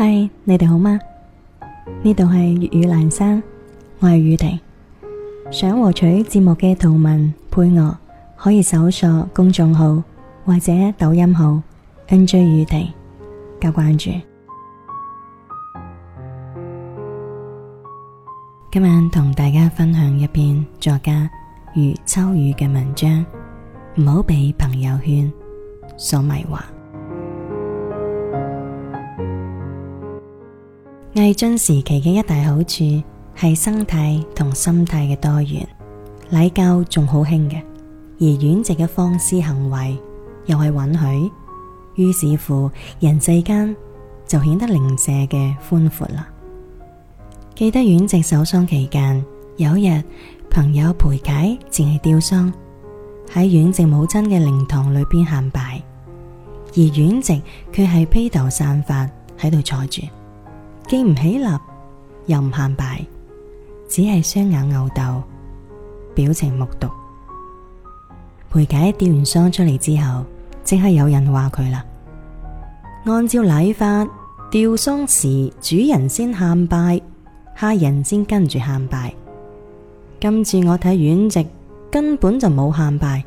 嗨，你哋好嗎？呢度係粵語欄生，我係宇婷。想獲取節目嘅圖文配樂，可以搜索公眾號或者抖音號 NJ 宇婷加關注。今晚同大家分享一篇作家余秋雨嘅文章，唔好被朋友圈所迷惑。魏晉時期嘅一大好處係生態同心態嘅多元，禮教仲好興嘅，而阮籍嘅放誕行為又係允許，於是乎人世間就顯得零舍嘅寬闊啦。記得阮籍守喪期間，有一日朋友裴楷前去吊喪，喺阮籍母親嘅靈堂裏邊喊拜，而阮籍佢係披頭散髮喺度坐住。既唔起立，又唔喊拜，只係雙眼吽哣，表情木獨。裴楷吊完喪出嚟，之後，即刻有人話佢啦。按照禮法，吊喪時主人先喊拜，客人先跟住喊拜。今次我睇，阮籍根本就冇喊拜，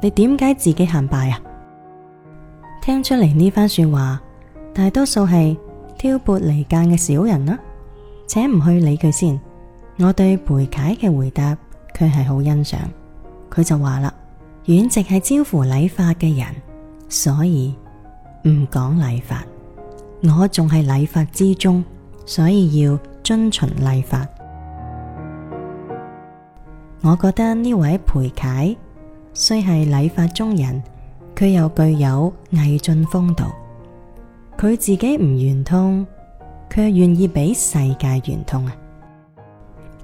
你點解自己喊拜啊？聽出嚟呢番說話，大多數係。挑撥離間嘅小人啦，啊，且唔去理佢先。我對裴楷嘅回答，佢係好欣賞。佢就話啦：阮籍係超乎禮法嘅人，所以唔講禮法。我仲係禮法之中，所以要遵循禮法。我覺得呢位裴楷雖係禮法中人，佢又具有魏晉風度。佢自己唔圓通，卻願意俾世界圓通啊！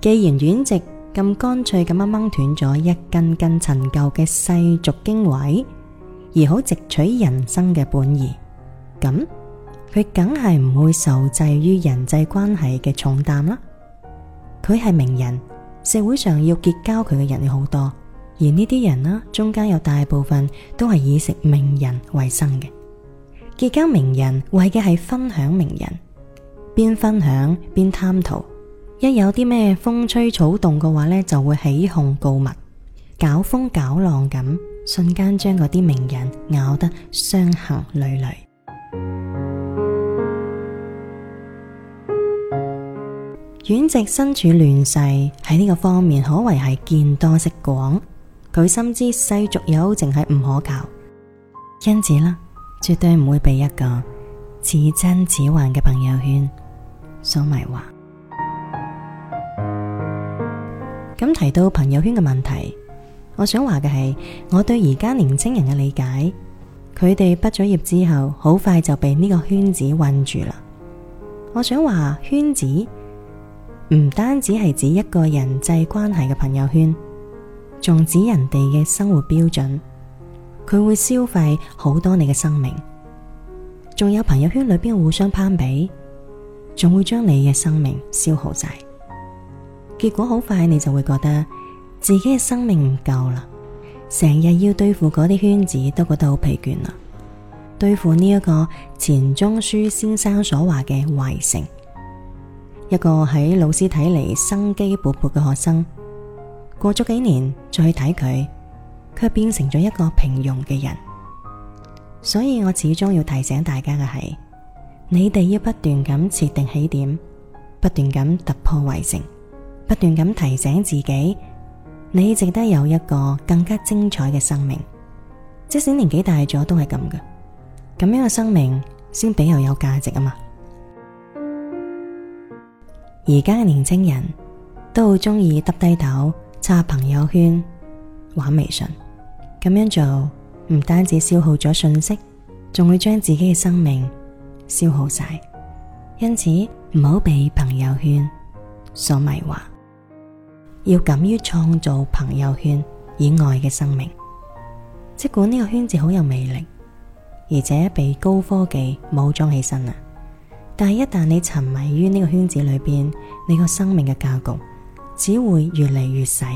既然阮籍咁乾脆咁樣掹斷咗一根根陳舊嘅世俗經緯，而好直取人生嘅本意，咁佢梗係唔會受制於人際關係嘅重擔啦。佢係名人，社會上要結交佢嘅人好多，而呢啲人啦，中間有大部分都係以食名人為生嘅。結交名人為嘅係分享名人，邊分享邊貪圖。一有啲咩風吹草動嘅話呢就會起哄告密，搞風搞浪咁，瞬間將嗰啲名人咬得傷痕累累。阮籍 身處亂世，喺呢個方面可謂係見多識廣。佢深知世俗友情係唔可靠，因此啦。絕對唔會被一個似真似幻嘅朋友圈所迷惑。咁提到朋友圈嘅問題，我想話嘅係，我對而家年輕人嘅理解，佢哋畢咗業之後，好快就被呢個圈子困住啦。我想話圈子唔單止係指一個人際關係嘅朋友圈，仲指人哋嘅生活標準。佢會消費好多你嘅生命，仲有朋友圈裏邊互相攀比，仲會將你嘅生命消耗晒。結果好快你就會覺得自己嘅生命唔夠啦，成日要對付嗰啲圈子，都覺得好疲倦啦。對付呢一個錢鍾書先生所話嘅圍城，一個喺老師睇嚟生機勃勃嘅學生，過咗幾年再去睇佢。卻變成咗一個平庸嘅人，所以我始終要提醒大家嘅係，你哋要不斷咁設定起點，不斷咁突破圍城，不斷咁提醒自己，你值得有一個更加精彩嘅生命。即使年紀大咗都係咁嘅，咁樣嘅生命先比較有價值啊嘛，而家嘅年輕人都好中意耷低頭刷朋友圈、玩微信。咁樣做唔單止消耗咗信息，仲會將自己嘅生命消耗晒。因此唔好被朋友圈所迷惑，要敢於創造朋友圈以外嘅生命。即管呢個圈子好有魅力，而且被高科技武裝起身啦，但係一旦你沉迷於呢個圈子裏邊，你個生命嘅格局只會越嚟越細。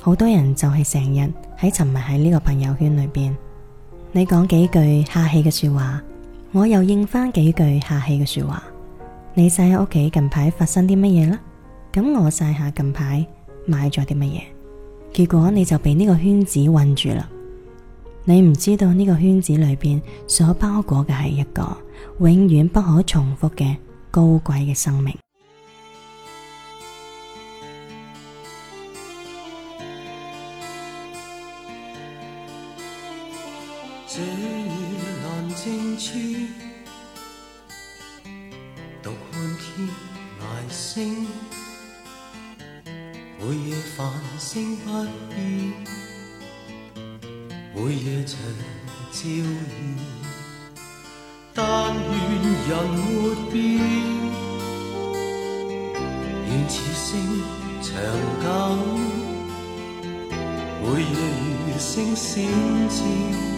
好多人就係成日喺沉迷喺呢個朋友圈裏邊，你講幾句客氣嘅說話，我又應翻幾句客氣嘅說話。你晒喺屋企近排發生啲乜嘢啦，咁我晒下近排買咗啲乜嘢。結果你就被呢個圈子困住啦。你唔知道呢個圈子裏邊所包裹嘅係一個永遠不可重複嘅高貴嘅生命。這夜闌靜處，獨看天涯星。每夜繁星不變，每夜長照現。但願人沒變，願此星長久，每夜如星閃照。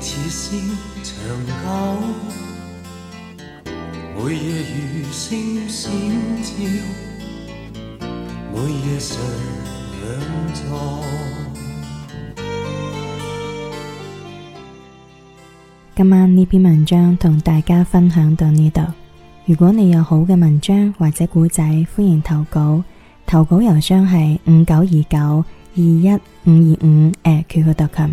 每夜如星閃照，今晚呢篇文章同大家分享到呢度。如果你有好嘅文章或者故仔，歡迎投稿。投稿郵箱係五九二九二一五二五。誒，qq.com。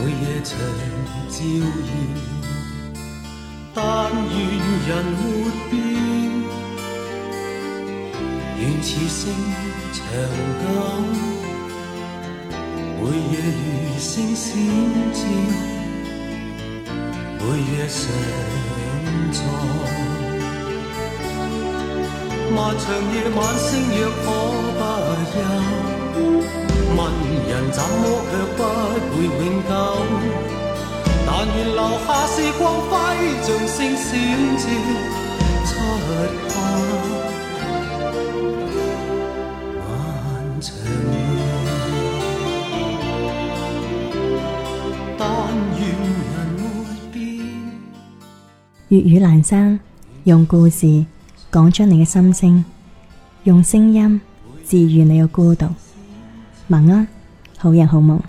每夜長照耀，但願人沒變。願此生長久。每夜如星閃照，每夜常在。漫長夜晚星若可不休。問人怎麼卻不會永久，但願留下是光輝，照粵語闌珊，用故事講出你嘅心聲，用聲音治癒你嘅孤獨。晚安，好人好夢。